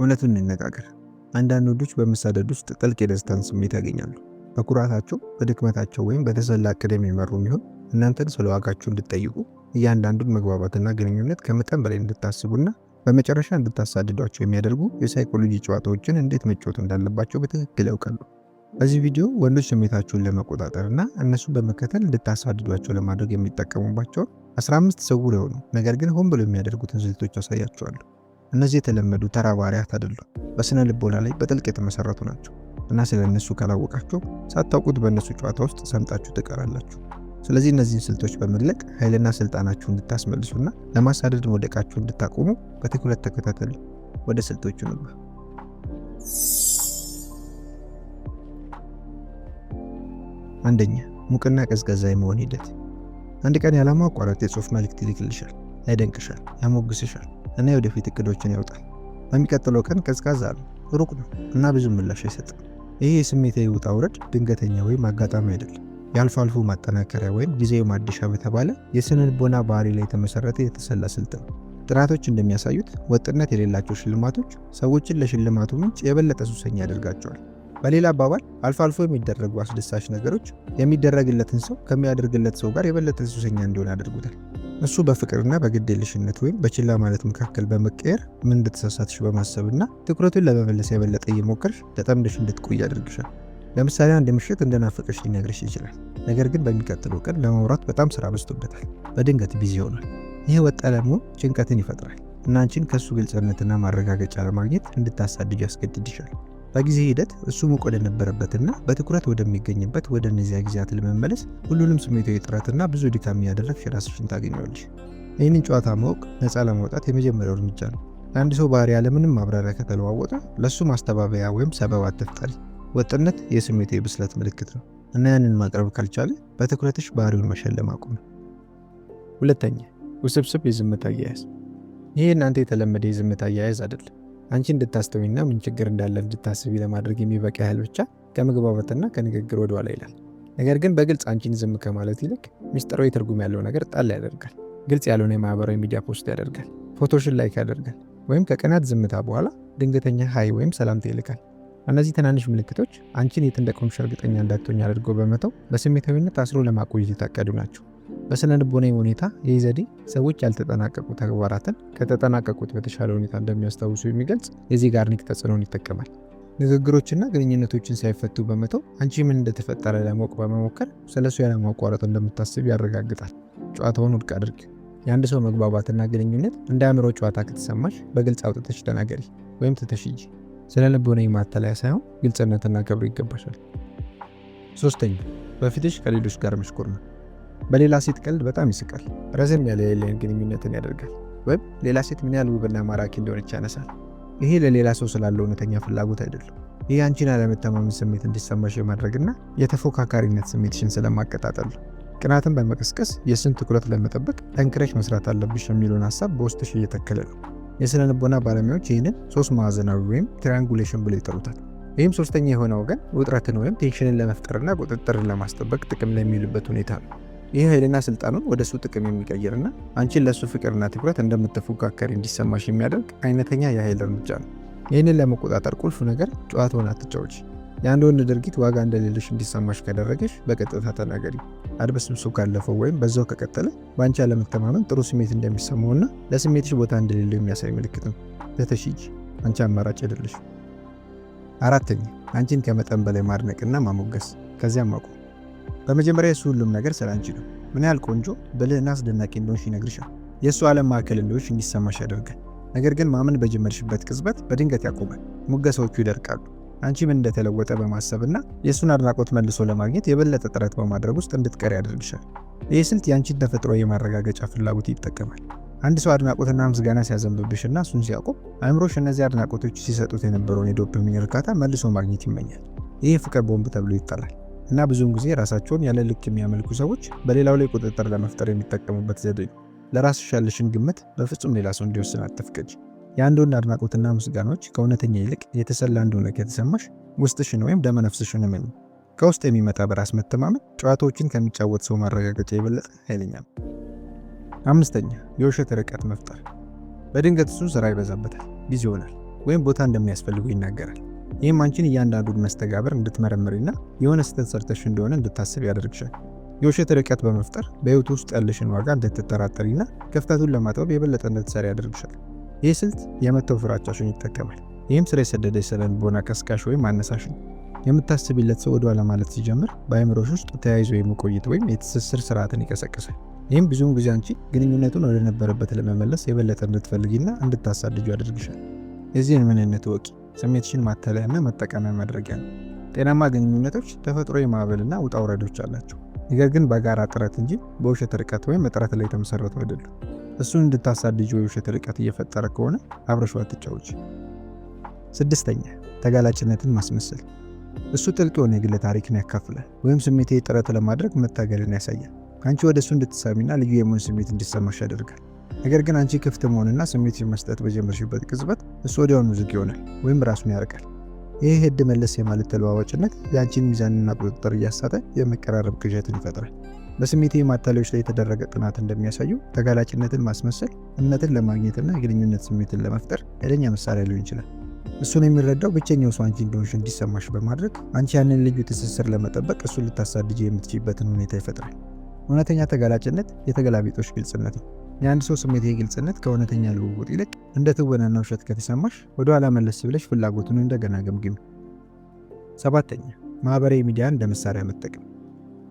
እውነቱን እንነጋገር፣ አንዳንድ ወንዶች በመሳደድ ውስጥ ጥልቅ የደስታን ስሜት ያገኛሉ። በኩራታቸው፣ በድክመታቸው ወይም በተሰላ እቅድ የሚመሩ የሚሆን እናንተን ስለ ዋጋችሁ እንድትጠይቁ እያንዳንዱን መግባባትና ግንኙነት ከመጠን በላይ እንድታስቡና በመጨረሻ እንድታሳድዷቸው የሚያደርጉ የሳይኮሎጂ ጨዋታዎችን እንዴት መጫወት እንዳለባቸው በትክክል ያውቃሉ። በዚህ ቪዲዮ ወንዶች ስሜታችሁን ለመቆጣጠር እና እነሱን በመከተል እንድታሳድዷቸው ለማድረግ የሚጠቀሙባቸውን 15 ስውር የሆኑ ነገር ግን ሆን ብሎ የሚያደርጉትን ስልቶች ያሳያቸዋሉ። እነዚህ የተለመዱ ተራ ባህሪያት አይደሉም፣ በስነ ልቦና ላይ በጥልቅ የተመሰረቱ ናቸው እና ስለ እነሱ ካላወቃቸው ሳታውቁት በእነሱ ጨዋታ ውስጥ ሰምጣችሁ ትቀራላችሁ። ስለዚህ እነዚህን ስልቶች በመለቅ ኃይልና ስልጣናችሁ እንድታስመልሱና ለማሳደድ መውደቃችሁ እንድታቆሙ በትኩረት ተከታተሉ። ወደ ስልቶቹ ንባ አንደኛ ሙቅና ቀዝቃዛ የመሆን ሂደት። አንድ ቀን ያለማቋረጥ የጽሁፍ መልእክት ይልክልሻል፣ ያደንቅሻል፣ ያሞግስሻል እና የወደፊት እቅዶችን ያውጣል። በሚቀጥለው ቀን ቀዝቃዛ አለ፣ ሩቅ ነው እና ብዙ ምላሽ አይሰጥም። ይህ የስሜታዊ ውጣ ውረድ ድንገተኛ ወይም አጋጣሚ አይደለም። የአልፎ አልፎ ማጠናከሪያ ወይም ጊዜያዊ ማደሻ በተባለ የስነ ልቦና ባህሪ ላይ የተመሰረተ የተሰላ ስልት ነው። ጥናቶች እንደሚያሳዩት ወጥነት የሌላቸው ሽልማቶች ሰዎችን ለሽልማቱ ምንጭ የበለጠ ሱሰኛ ያደርጋቸዋል። በሌላ አባባል አልፎ አልፎ የሚደረጉ አስደሳች ነገሮች የሚደረግለትን ሰው ከሚያደርግለት ሰው ጋር የበለጠ ሱሰኛ እንዲሆን ያደርጉታል። እሱ በፍቅርና በግዴለሽነት ወይም በችላ ማለት መካከል በመቀየር ምን እንደተሳሳትሽ በማሰብና ትኩረቱን ለመመለስ የበለጠ እየሞከርሽ ተጠምደሽ እንድትቆይ ያደርግሻል። ለምሳሌ አንድ ምሽት እንደናፈቀሽ ሊነግርሽ ይችላል። ነገር ግን በሚቀጥለው ቀን ለማውራት በጣም ስራ በዝቶበታል፣ በድንገት ቢዚ ይሆናል። ይህ ወጣ ደግሞ ጭንቀትን ይፈጥራል እና አንቺን ከእሱ ግልጽነትና ማረጋገጫ ለማግኘት እንድታሳድጅ ያስገድድሻል። በጊዜ ሂደት እሱ ሙቅ ወደነበረበትና በትኩረት ወደሚገኝበት ወደ እነዚያ ጊዜያት ለመመለስ ሁሉንም ስሜታዊ ጥረትና ብዙ ድካም እያደረግሽ ራስሽን ታገኘዋለሽ። ይህንን ጨዋታ ማወቅ ነፃ ለማውጣት የመጀመሪያው እርምጃ ነው። አንድ ሰው ባህሪ ያለምንም ማብራሪያ ከተለዋወጠ ለእሱ ማስተባበያ ወይም ሰበብ አትፍጠሪ። ወጥነት የስሜት የብስለት ምልክት ነው እና ያንን ማቅረብ ካልቻለ በትኩረትሽ ባህሪውን መሸለም አቁም። ሁለተኛ ውስብስብ የዝምታ አያያዝ። ይህ እናንተ የተለመደ የዝምታ አያያዝ አይደለም። አንቺ እንድታስተውኝና ምን ችግር እንዳለ እንድታስቢ ለማድረግ የሚበቃ ያህል ብቻ ከመግባባትና ከንግግር ወደኋላ ይላል። ነገር ግን በግልጽ አንቺን ዝም ከማለት ይልቅ ሚስጥራዊ ትርጉም ያለው ነገር ጣል ያደርጋል። ግልጽ ያልሆነ የማህበራዊ ሚዲያ ፖስት ያደርጋል፣ ፎቶሽን ላይክ ያደርጋል፣ ወይም ከቀናት ዝምታ በኋላ ድንገተኛ ሀይ ወይም ሰላምታ ይልካል። እነዚህ ትናንሽ ምልክቶች አንቺን የት እንደቆምሽ እርግጠኛ እንዳትሆኝ አድርገው በመተው በስሜታዊነት አስሮ ለማቆየት የታቀዱ ናቸው። በስነ ሁኔታ ይህ ዘዴ ሰዎች ያልተጠናቀቁ ተግባራትን ከተጠናቀቁት በተሻለ ሁኔታ እንደሚያስታውሱ የሚገልጽ ጋርኒክ ተጽዕኖን ይጠቀማል። ንግግሮችና ግንኙነቶችን ሳይፈቱ በመተው አንቺ ምን እንደተፈጠረ ለማወቅ በመሞከር ስለሱ ያለማቋረጥ እንደምታስብ ያረጋግጣል። ጨዋታውን ውድቅ አድርጊ። የአንድ ሰው መግባባትና ግንኙነት እንደ አእምሮ ጨዋታ ከተሰማሽ በግልጽ አውጥተሽ ተናገሪ ወይም ትተሽይ። ስነ ልቦናዊ ማታለያ ሳይሆን ግልጽነትና ክብር ይገባሻል። ሶስተኛ በፊትሽ ከሌሎች ጋር መሽኮር ነው። በሌላ ሴት ቀልድ በጣም ይስቃል። ረዘም ያለ የሌለን ግንኙነትን ያደርጋል ወይም ሌላ ሴት ምን ያህል ውብና ማራኪ እንደሆነች ያነሳል። ይሄ ለሌላ ሰው ስላለው እውነተኛ ፍላጎት አይደለም። ይህ አንቺን አለመተማመን ስሜት እንዲሰማሽ የማድረግና የተፎካካሪነት ስሜትሽን ስለማቀጣጠል ቅናትን በመቀስቀስ የስን ትኩረት ለመጠበቅ ጠንክረሽ መስራት አለብሽ የሚለውን ሀሳብ በውስጥሽ እየተከለ ነው። የስነ ልቦና ባለሙያዎች ይህንን ሶስት ማዕዘናዊ ወይም ትሪያንጉሌሽን ብለው ይጠሩታል። ይህም ሶስተኛ የሆነ ወገን ውጥረትን ወይም ቴንሽንን ለመፍጠርና ቁጥጥርን ለማስጠበቅ ጥቅም ለሚውልበት ሁኔታ ነው። ይህ ኃይልና ስልጣኑን ወደ እሱ ጥቅም የሚቀይርና አንቺን ለእሱ ፍቅርና ትኩረት እንደምትፎካከር እንዲሰማሽ የሚያደርግ አይነተኛ የኃይል እርምጃ ነው። ይህንን ለመቆጣጠር ቁልፉ ነገር ጨዋታውን አትጫዎች። የአንድ ወንድ ድርጊት ዋጋ እንደሌለሽ እንዲሰማሽ ካደረገሽ በቀጥታ ተናገሪ። አድበስብሶ ካለፈው ወይም በዛው ከቀጠለ በአንቺ አለመተማመን ጥሩ ስሜት እንደሚሰማውና ለስሜትሽ ቦታ እንደሌለው የሚያሳይ ምልክት ነው። ተተሽጅ አንቺ አማራጭ አይደለሽ። አራተኛ አንቺን ከመጠን በላይ ማድነቅና ማሞገስ ከዚያም አቁም። በመጀመሪያ የሱ ሁሉም ነገር ስለ አንቺ ነው። ምን ያህል ቆንጆ ብልህና አስደናቂ እንደሆንሽ ይነግርሻል። የእሱ ዓለም ማዕከል እንደሆንሽ እንዲሰማሽ ያደርጋል። ነገር ግን ማመን በጀመርሽበት ቅጽበት በድንገት ያቆማል። ሙገሳዎቹ ይደርቃሉ። አንቺ ምን እንደተለወጠ በማሰብና የእሱን አድናቆት መልሶ ለማግኘት የበለጠ ጥረት በማድረግ ውስጥ እንድትቀር ያደርግሻል። ይህ ስልት የአንቺን ተፈጥሮ የማረጋገጫ ፍላጎት ይጠቀማል። አንድ ሰው አድናቆትና ምስጋና ሲያዘንብብሽና እሱን ሲያቆም አእምሮሽ እነዚህ አድናቆቶች ሲሰጡት የነበረውን የዶፓሚን እርካታ መልሶ ማግኘት ይመኛል። ይህ ፍቅር ቦምብ ተብሎ ይጠራል። እና ብዙውን ጊዜ ራሳቸውን ያለ ልክ የሚያመልኩ ሰዎች በሌላው ላይ ቁጥጥር ለመፍጠር የሚጠቀሙበት ዘዴ ነው። ለራስሽ ያለሽን ግምት በፍጹም ሌላ ሰው እንዲወስን አትፍቀጅ። የአንድ ወንድ አድናቆትና ምስጋናዎች ከእውነተኛ ይልቅ የተሰላ እንደሆነ ከተሰማሽ ውስጥሽን ወይም ደመነፍስሽን እመኚ። ከውስጥ የሚመጣ በራስ መተማመን ጨዋታዎችን ከሚጫወት ሰው ማረጋገጫ የበለጠ ኃይለኛ ነው። አምስተኛ የውሸት ርቀት መፍጠር። በድንገት እሱ ስራ ይበዛበታል፣ ቢዚ ይሆናል፣ ወይም ቦታ እንደሚያስፈልገው ይናገራል። ይህም አንቺን እያንዳንዱን መስተጋብር እንድትመረምሪና የሆነ ስህተት ሰርተሽ እንደሆነ እንድታስብ ያደርግሻል። የውሸት ርቀት በመፍጠር በህይወት ውስጥ ያለሽን ዋጋ እንድትጠራጠሪና ክፍተቱን ለማጥበብ የበለጠ እንድትሰሪ ያደርግሻል። ይህ ስልት የመተው ፍራቻሽን ይጠቀማል። ይህም ስራ የሰደደ ስነ ልቦና ቀስቃሽ ወይም አነሳሽ ነው። የምታስቢለት ሰው ወደኋላ ማለት ሲጀምር በአእምሮሽ ውስጥ ተያይዞ የመቆየት ወይም የትስስር ስርዓትን ይቀሰቅሳል። ይህም ብዙውን ጊዜ አንቺ ግንኙነቱን ወደ ነበረበት ለመመለስ የበለጠ እንድትፈልጊና እንድታሳድጁ ያደርግሻል። የዚህን ምንነት ወቂ ስሜትሽን ማተለያና መጠቀሚያ ማድረጊያ ነው። ጤናማ ግንኙነቶች ተፈጥሮ የማዕበልና ውጣ ውረዶች አላቸው፣ ነገር ግን በጋራ ጥረት እንጂ በውሸት ርቀት ወይም እጥረት ላይ የተመሰረቱ አይደሉም። እሱን እንድታሳድጅ የውሸት ርቀት እየፈጠረ ከሆነ አብረሽ አትጫወች። ስድስተኛ ተጋላጭነትን ማስመሰል። እሱ ጥልቅ የሆነ የግለ ታሪክን ያካፍላል ወይም ስሜቴ ጥረት ለማድረግ መታገልን ያሳያል። አንቺ ወደ እሱ እንድትሰሚና ልዩ የመሆን ስሜት እንዲሰማሽ ያደርጋል። ነገር ግን አንቺ ክፍት መሆንና ስሜት መስጠት በጀመርሽበት ቅጽበት እሱ ወዲያውኑ ዝግ ይሆናል ወይም ራሱን ያርቃል። ይህ ህድ መለስ የማለት ተለዋዋጭነት የአንቺን ሚዛንና ቁጥጥር እያሳተ የመቀራረብ ቅዠትን ይፈጥራል። በስሜት ማታለያዎች ላይ የተደረገ ጥናት እንደሚያሳየው ተጋላጭነትን ማስመሰል እምነትን ለማግኘትና የግንኙነት ስሜትን ለመፍጠር ኃይለኛ መሳሪያ ሊሆን ይችላል። እሱን የሚረዳው ብቸኛው ሰው አንቺ እንደሆንሽ እንዲሰማሽ በማድረግ አንቺ ያንን ልዩ ትስስር ለመጠበቅ እሱን ልታሳድጅ የምትችይበትን ሁኔታ ይፈጥራል። እውነተኛ ተጋላጭነት የተገላቢጦች ግልጽነት ነው። የአንድ ሰው ስሜት የግልጽነት ከእውነተኛ ልውውጥ ይልቅ እንደ ትወናና ውሸት ከተሰማሽ ወደ ኋላ መለስ ብለሽ ፍላጎቱን እንደገና ገምግም። ሰባተኛ ማህበራዊ ሚዲያ እንደ መሳሪያ መጠቀም።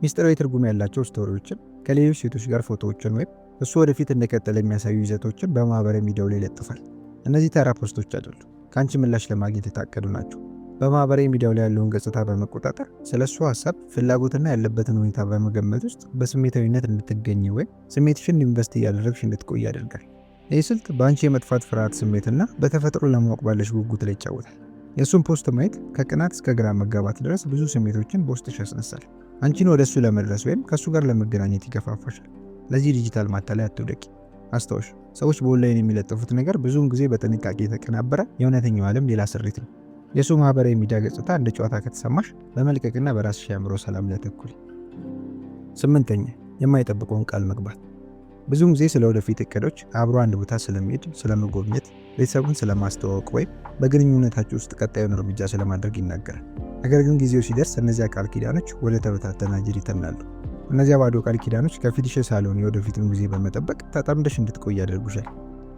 ሚስጥራዊ ትርጉም ያላቸው ስቶሪዎችን፣ ከሌሎች ሴቶች ጋር ፎቶዎችን ወይም እሱ ወደፊት እንደቀጠለ የሚያሳዩ ይዘቶችን በማህበራዊ ሚዲያው ላይ ይለጥፋል። እነዚህ ተራ ፖስቶች አይደሉ፣ ከአንቺ ምላሽ ለማግኘት የታቀዱ ናቸው። በማህበራዊ ሚዲያው ላይ ያለውን ገጽታ በመቆጣጠር ስለ እሱ ሀሳብ ፍላጎትና ያለበትን ሁኔታ በመገመት ውስጥ በስሜታዊነት እንድትገኝ ወይም ስሜትሽን ኢንቨስት እያደረግሽ እንድትቆይ ያደርጋል። ይህ ስልት በአንቺ የመጥፋት ፍርሃት ስሜትና በተፈጥሮ ለማወቅ ባለሽ ጉጉት ላይ ይጫወታል። የእሱን ፖስት ማየት ከቅናት እስከ ግራ መጋባት ድረስ ብዙ ስሜቶችን በውስጥሽ ያስነሳል። አንቺን ወደ እሱ ለመድረስ ወይም ከእሱ ጋር ለመገናኘት ይገፋፋሻል። ለዚህ ዲጂታል ላይ አትውደቂ። አስታውሽ፣ ሰዎች በኦንላይን የሚለጥፉት ነገር ብዙውን ጊዜ በጥንቃቄ የተቀናበረ የእውነተኛው ዓለም ሌላ ስሪት ነው። የእሱ ማህበራዊ ሚዲያ ገጽታ እንደ ጨዋታ ከተሰማሽ በመልቀቅና በራስሽ የአእምሮ ሰላም ላይ ስምንተኛ የማይጠብቀውን ቃል መግባት። ብዙውን ጊዜ ስለ ወደፊት እቅዶች፣ አብሮ አንድ ቦታ ስለሚሄድ፣ ስለመጎብኘት ቤተሰቡን ስለማስተዋወቅ ወይም በግንኙነታችሁ ውስጥ ቀጣዩን እርምጃ ስለማድረግ ይናገራል። ነገር ግን ጊዜው ሲደርስ እነዚያ ቃል ኪዳኖች ወደ ተበታተነ አየር ይተናሉ። እነዚያ ባዶ ቃል ኪዳኖች ከፊትሽ ሳልሆን የወደፊቱን ጊዜ በመጠበቅ ተጠምደሽ እንድትቆይ ያደርጉሻል።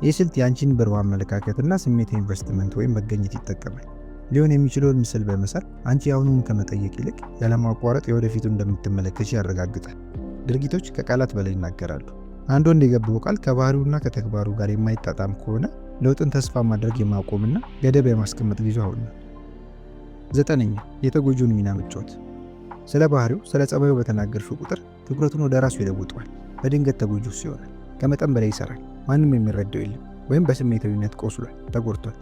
ይህ ስልት የአንቺን ብር ማመለካከትና ስሜት ኢንቨስትመንት ወይም መገኘት ይጠቀማል። ሊሆን የሚችለውን ምስል በመሳል አንቺ አሁኑን ከመጠየቅ ይልቅ ያለማቋረጥ የወደፊቱ እንደምትመለከች ያረጋግጣል። ድርጊቶች ከቃላት በላይ ይናገራሉ። አንድ ወንድ የገባው ቃል ከባህሪውና ከተግባሩ ጋር የማይጣጣም ከሆነ ለውጥን ተስፋ ማድረግ የማቆምና ገደብ የማስቀመጥ ጊዜ አሁን ነው። ዘጠነኛ የተጎጂውን ሚና መጫወት። ስለ ባህሪው ስለ ጸባዩ በተናገርሽ ቁጥር ትኩረቱን ወደ ራሱ ይለውጠዋል። በድንገት ተጎጂው ሲሆናል፣ ከመጠን በላይ ይሰራል፣ ማንም የሚረዳው የለም፣ ወይም በስሜታዊነት ቆስሏል፣ ተጎድቷል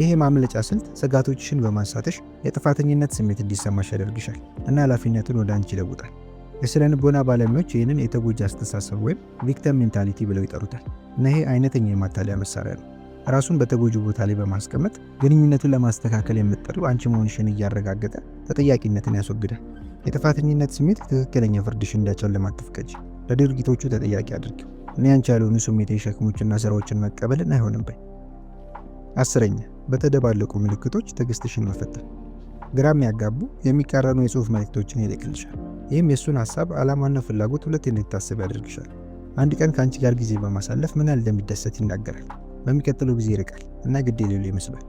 ይሄ ማምለጫ ስልት ስጋቶችሽን በማንሳትሽ የጥፋተኝነት ስሜት እንዲሰማሽ ያደርግሻል እና ኃላፊነትን ወደ አንቺ ይለውጣል። የስነ ልቦና ባለሙያዎች ይህንን የተጎጂ አስተሳሰብ ወይም ቪክተም ሜንታሊቲ ብለው ይጠሩታል እና ይሄ አይነተኛ የማታለያ መሳሪያ ነው። ራሱን በተጎጂ ቦታ ላይ በማስቀመጥ ግንኙነቱን ለማስተካከል የምትጠሪው አንቺ መሆንሽን እያረጋገጠ ተጠያቂነትን ያስወግዳል። የጥፋተኝነት ስሜት ትክክለኛ ፍርድሽ እንዳቸውን ለማትፍቀጅ ለድርጊቶቹ ተጠያቂ አድርጊው እኔ አንቺ ያልሆኑ ስሜት የሸክሞችና ስራዎችን መቀበልን አይሆንም በይ። አስረኛ በተደባለቁ ምልክቶች ትዕግስትሽን መፈተን ግራም ያጋቡ የሚቃረኑ የጽሑፍ መልእክቶችን ይልክልሻል። ይህም የእሱን ሐሳብ ዓላማና ፍላጎት ሁለት እንድታስብ ያደርግሻል። አንድ ቀን ከአንቺ ጋር ጊዜ በማሳለፍ ምን ያህል እንደሚደሰት ይናገራል። በሚቀጥለው ጊዜ ይርቃል እና ግድ የሌለው ይመስላል።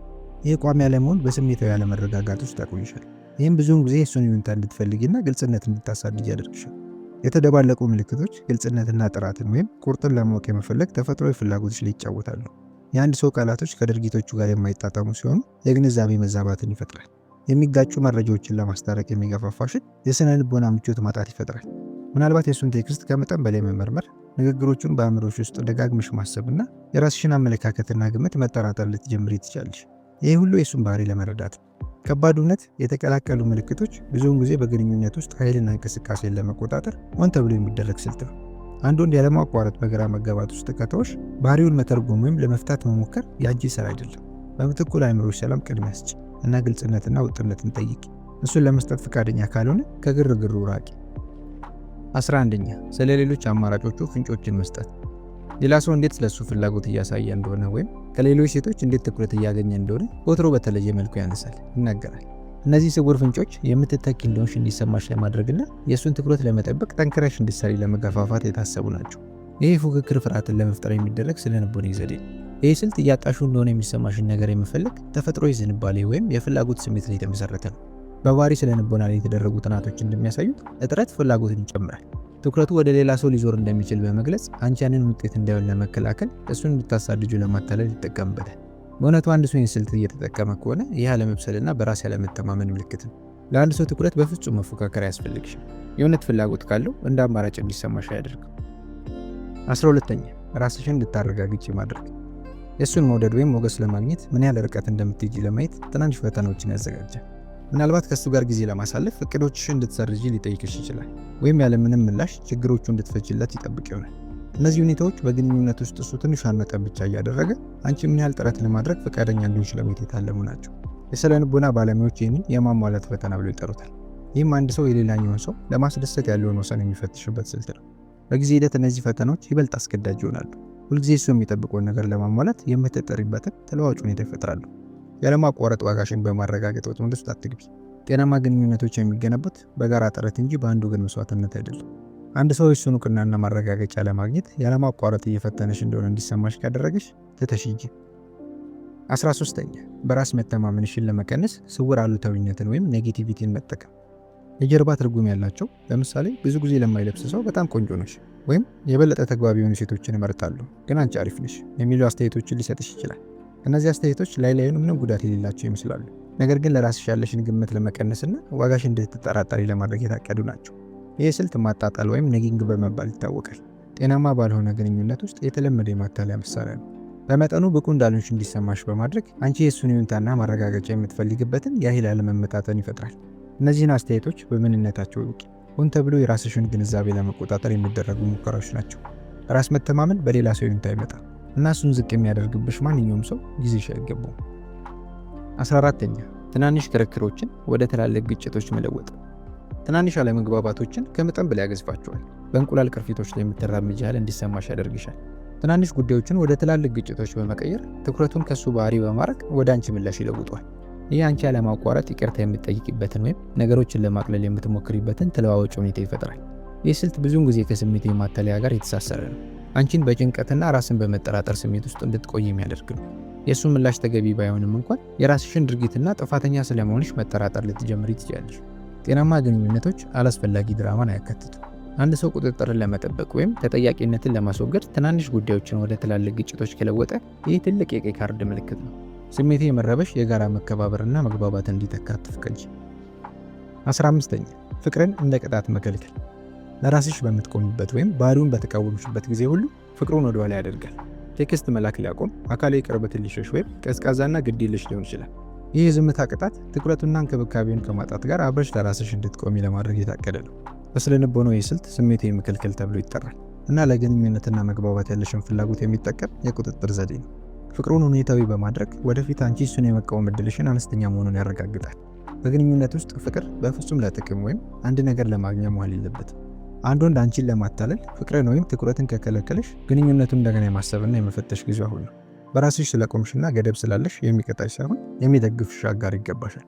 ይህ ቋሚ ያለመሆን በስሜታዊ ያለመረጋጋት ውስጥ ያቆይሻል። ይህም ብዙውን ጊዜ የእሱን ይሁንታ እንድትፈልጊና ግልጽነት እንድታሳድጅ ያደርግሻል። የተደባለቁ ምልክቶች ግልጽነትና ጥራትን ወይም ቁርጥን ለማወቅ የመፈለግ ተፈጥሮዊ ፍላጎቶች ላይ ይጫወታሉ። የአንድ ሰው ቃላቶች ከድርጊቶቹ ጋር የማይጣጣሙ ሲሆኑ የግንዛቤ መዛባትን ይፈጥራል። የሚጋጩ መረጃዎችን ለማስታረቅ የሚገፋፋሽን የስነ ልቦና ምቾት ማጣት ይፈጥራል። ምናልባት የእሱን ቴክስት ከመጠን በላይ መመርመር፣ ንግግሮቹን በአእምሮች ውስጥ ደጋግመሽ ማሰብና የራስሽን አመለካከትና ግምት መጠራጠር ልትጀምር ትችላለሽ። ይህ ሁሉ የእሱን ባህሪ ለመረዳት ከባድ እውነት የተቀላቀሉ ምልክቶች ብዙውን ጊዜ በግንኙነት ውስጥ ኃይልና እንቅስቃሴን ለመቆጣጠር ሆን ተብሎ የሚደረግ ስልት ነው። አንድ ወንድ ያለማቋረጥ በግራ መጋባት ውስጥ ከቶሽ ባህሪውን መተርጎም ወይም ለመፍታት መሞከር የአንቺ ስራ አይደለም። በምትኩ ለአእምሮሽ ሰላም ቅድሚያ ስጪ እና ግልጽነትና ውጥነትን ጠይቂ። እሱን ለመስጠት ፈቃደኛ ካልሆነ ከግርግሩ ራቂ። 11ኛ ስለ ሌሎች አማራጮቹ ፍንጮችን መስጠት። ሌላ ሰው እንዴት ስለሱ ፍላጎት እያሳየ እንደሆነ ወይም ከሌሎች ሴቶች እንዴት ትኩረት እያገኘ እንደሆነ ወትሮ በተለየ መልኩ ያነሳል፣ ይናገራል እነዚህ ስውር ፍንጮች የምትተኪ እንደሆንሽ እንዲሰማሽ ለማድረግና የእሱን ትኩረት ለመጠበቅ ጠንክረሽ እንድትሰሪ ለመገፋፋት የታሰቡ ናቸው። ይህ ፉክክር ፍርሃትን ለመፍጠር የሚደረግ ስነ ልቦና ዘዴ። ይህ ስልት እያጣሽው እንደሆነ የሚሰማሽን ነገር የመፈለግ ተፈጥሮ ዝንባሌ ወይም የፍላጎት ስሜት ላይ የተመሰረተ ነው። በባህሪ ስነ ልቦና ላይ የተደረጉ ጥናቶች እንደሚያሳዩት እጥረት ፍላጎትን ይጨምራል። ትኩረቱ ወደ ሌላ ሰው ሊዞር እንደሚችል በመግለጽ አንቺ ያንን ውጤት እንዳይሆን ለመከላከል እሱን እንድታሳድጁ ለማታለል ይጠቀምበታል። በእውነቱ አንድ ሰው ይህን ስልት እየተጠቀመ ከሆነ ይህ አለመብሰልና በራስ ያለመተማመን ምልክት ነው። ለአንድ ሰው ትኩረት በፍጹም መፎካከር አያስፈልግሽም። የእውነት ፍላጎት ካለው እንደ አማራጭ እንዲሰማሽ አያደርግም። አስራ ሁለተኛ ራስሽን እንድታረጋግጭ ማድረግ። የእሱን መውደድ ወይም ሞገስ ለማግኘት ምን ያህል ርቀት እንደምትሄጂ ለማየት ትናንሽ ፈተናዎችን ያዘጋጃል። ምናልባት ከእሱ ጋር ጊዜ ለማሳለፍ እቅዶችሽ እንድትሰርጂ ሊጠይቅሽ ይችላል። ወይም ያለምንም ምላሽ ችግሮቹ እንድትፈችለት ይጠብቅ ይሆናል። እነዚህ ሁኔታዎች በግንኙነት ውስጥ እሱ ትንሽ አነጠብ ብቻ እያደረገ አንቺ ምን ያህል ጥረት ለማድረግ ፈቃደኛ እንዲሆንሽ ለማየት የታለሙ ናቸው። የስነ ልቦና ባለሙያዎች ይህንን የማሟላት ፈተና ብሎ ይጠሩታል። ይህም አንድ ሰው የሌላኛውን ሰው ለማስደሰት ያለውን ወሰን የሚፈትሽበት ስልት ነው። በጊዜ ሂደት እነዚህ ፈተናዎች ይበልጥ አስገዳጅ ይሆናሉ። ሁልጊዜ እሱ የሚጠብቀውን ነገር ለማሟላት የምትጠሪበትን ተለዋጭ ሁኔታ ይፈጥራሉ። ያለማቋረጥ ዋጋሽን በማረጋገጥ ወጥመድ ውስጥ አትግቢ። ጤናማ ግንኙነቶች የሚገነቡት በጋራ ጥረት እንጂ በአንዱ ግን መስዋዕትነት አይደለም። አንድ ሰው እሱን እውቅናና ማረጋገጫ ለማግኘት ያለማቋረጥ እየፈተነሽ እንደሆነ እንዲሰማሽ ካደረገሽ ትተሽ ሂጂ። 13ኛ በራስ መተማመንሽን ለመቀነስ ስውር አሉታዊነትን ወይም ኔጌቲቪቲን መጠቀም። የጀርባ ትርጉም ያላቸው ለምሳሌ ብዙ ጊዜ ለማይለብስ ሰው በጣም ቆንጆ ነሽ ወይም የበለጠ ተግባቢ የሆኑ ሴቶችን እመርጣለሁ ግን አንቺ አሪፍ ነሽ የሚሉ አስተያየቶችን ሊሰጥሽ ይችላል። እነዚህ አስተያየቶች ላይ ላዩን ምንም ጉዳት የሌላቸው ይመስላሉ፣ ነገር ግን ለራስሽ ያለሽን ግምት ለመቀነስና ዋጋሽ እንድትጠራጠሪ ለማድረግ የታቀዱ ናቸው። ይህ ስልት ማጣጣል ወይም ነጊንግ በመባል ይታወቃል። ጤናማ ባልሆነ ግንኙነት ውስጥ የተለመደ የማታለያ መሳሪያ ነው። በመጠኑ ብቁ እንዳልሆንሽ እንዲሰማሽ በማድረግ አንቺ የእሱን ይሁንታና ማረጋገጫ የምትፈልግበትን ያህል አለመመጣጠን ይፈጥራል። እነዚህን አስተያየቶች በምንነታቸው ይውቅ ሆን ተብሎ የራስሽን ግንዛቤ ለመቆጣጠር የሚደረጉ ሙከራዎች ናቸው። ራስ መተማመን በሌላ ሰው ይሁንታ ይመጣል እና እሱን ዝቅ የሚያደርግብሽ ማንኛውም ሰው ጊዜሽ አይገባውም። 14ኛ ትናንሽ ክርክሮችን ወደ ትላልቅ ግጭቶች መለወጥ ትናንሽ አለመግባባቶችን ከመጠን በላይ ያገዝፋቸዋል። በእንቁላል ቅርፊቶች ላይ የምትራመጂ ያህል እንዲሰማሽ ያደርግሻል። ትናንሽ ጉዳዮችን ወደ ትላልቅ ግጭቶች በመቀየር ትኩረቱን ከሱ ባህሪ በማድረግ ወደ አንቺ ምላሽ ይለውጧል። ይህ አንቺ ያለማቋረጥ ይቅርታ የምትጠይቅበትን ወይም ነገሮችን ለማቅለል የምትሞክሪበትን ተለዋዋጭ ሁኔታ ይፈጥራል። ይህ ስልት ብዙውን ጊዜ ከስሜት የማተለያ ጋር የተሳሰረ ነው። አንቺን በጭንቀትና ራስን በመጠራጠር ስሜት ውስጥ እንድትቆይ የሚያደርግ ነው። የእሱ ምላሽ ተገቢ ባይሆንም እንኳን የራስሽን ድርጊትና ጥፋተኛ ስለመሆንሽ መጠራጠር ልትጀምሪ ትችላለሽ። ጤናማ ግንኙነቶች አላስፈላጊ ድራማን አያካትቱም። አንድ ሰው ቁጥጥርን ለመጠበቅ ወይም ተጠያቂነትን ለማስወገድ ትናንሽ ጉዳዮችን ወደ ትላልቅ ግጭቶች ከለወጠ ይህ ትልቅ የቀይ ካርድ ምልክት ነው። ስሜቴ የመረበሽ የጋራ መከባበርና መግባባት እንዲተካት አትፍቀጂ። 15ኛ ፍቅርን እንደ ቅጣት መከልከል። ለራስሽ በምትቆምበት ወይም ባህሪውን በተቃወምሽበት ጊዜ ሁሉ ፍቅሩን ወደኋላ ያደርጋል። ቴክስት መላክ ሊያቆም፣ አካላዊ ቅርበትን ሊሸሽ ወይም ቀዝቃዛና ግድ የለሽ ሊሆን ይችላል። ይህ የዝምታ ቅጣት ትኩረቱና እንክብካቤውን ከማጣት ጋር አብረሽ ለራስሽ እንድትቆሚ ለማድረግ የታቀደ ነው። በስነ ልቦናዊ ስልት ስሜት መከልከል ተብሎ ይጠራል እና ለግንኙነትና መግባባት ያለሽን ፍላጎት የሚጠቀም የቁጥጥር ዘዴ ነው። ፍቅሩን ሁኔታዊ በማድረግ ወደፊት አንቺ እሱን የመቃወም እድልሽን አነስተኛ መሆኑን ያረጋግጣል። በግንኙነት ውስጥ ፍቅር በፍጹም ለጥቅም ወይም አንድ ነገር ለማግኛ መዋል የለበትም። አንድ ወንድ አንቺን ለማታለል ፍቅርን ወይም ትኩረትን ከከለከለሽ ግንኙነቱን እንደገና የማሰብና የመፈተሽ ጊዜ አሁን ነው። በራስሽ ስለቆምሽና ገደብ ስላለሽ የሚቀጣሽ ሳይሆን የሚደግፍሽ አጋር ይገባሻል።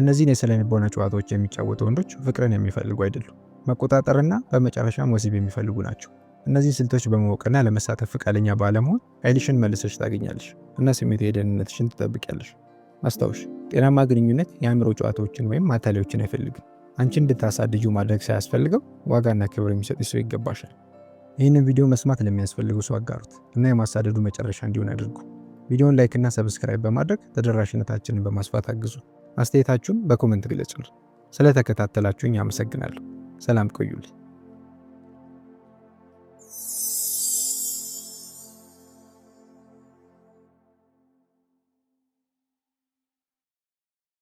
እነዚህን የስነ ልቦና ጨዋታዎች የሚጫወቱ ወንዶች ፍቅርን የሚፈልጉ አይደሉም፣ መቆጣጠርና በመጨረሻም ወሲብ የሚፈልጉ ናቸው። እነዚህ ስልቶች በማወቅና ለመሳተፍ ፈቃደኛ ባለመሆን ኃይልሽን መልሰሽ ታገኛለሽ እና ስሜት የደህንነትሽን ትጠብቂያለሽ። አስታውሽ፣ ጤናማ ግንኙነት የአእምሮ ጨዋታዎችን ወይም ማታለያዎችን አይፈልግም። አንቺ እንድታሳድጁ ማድረግ ሳያስፈልገው ዋጋና ክብር የሚሰጥ ሰው ይገባሻል። ይህንን ቪዲዮ መስማት ለሚያስፈልጉ ሰው አጋሩት እና የማሳደዱ መጨረሻ እንዲሆን አድርጉ። ቪዲዮውን ላይክ እና ሰብስክራይብ በማድረግ ተደራሽነታችንን በማስፋት አግዙ። አስተያየታችሁን በኮመንት ግለጹልን። ስለተከታተላችሁኝ አመሰግናለሁ። ሰላም ቆዩልኝ።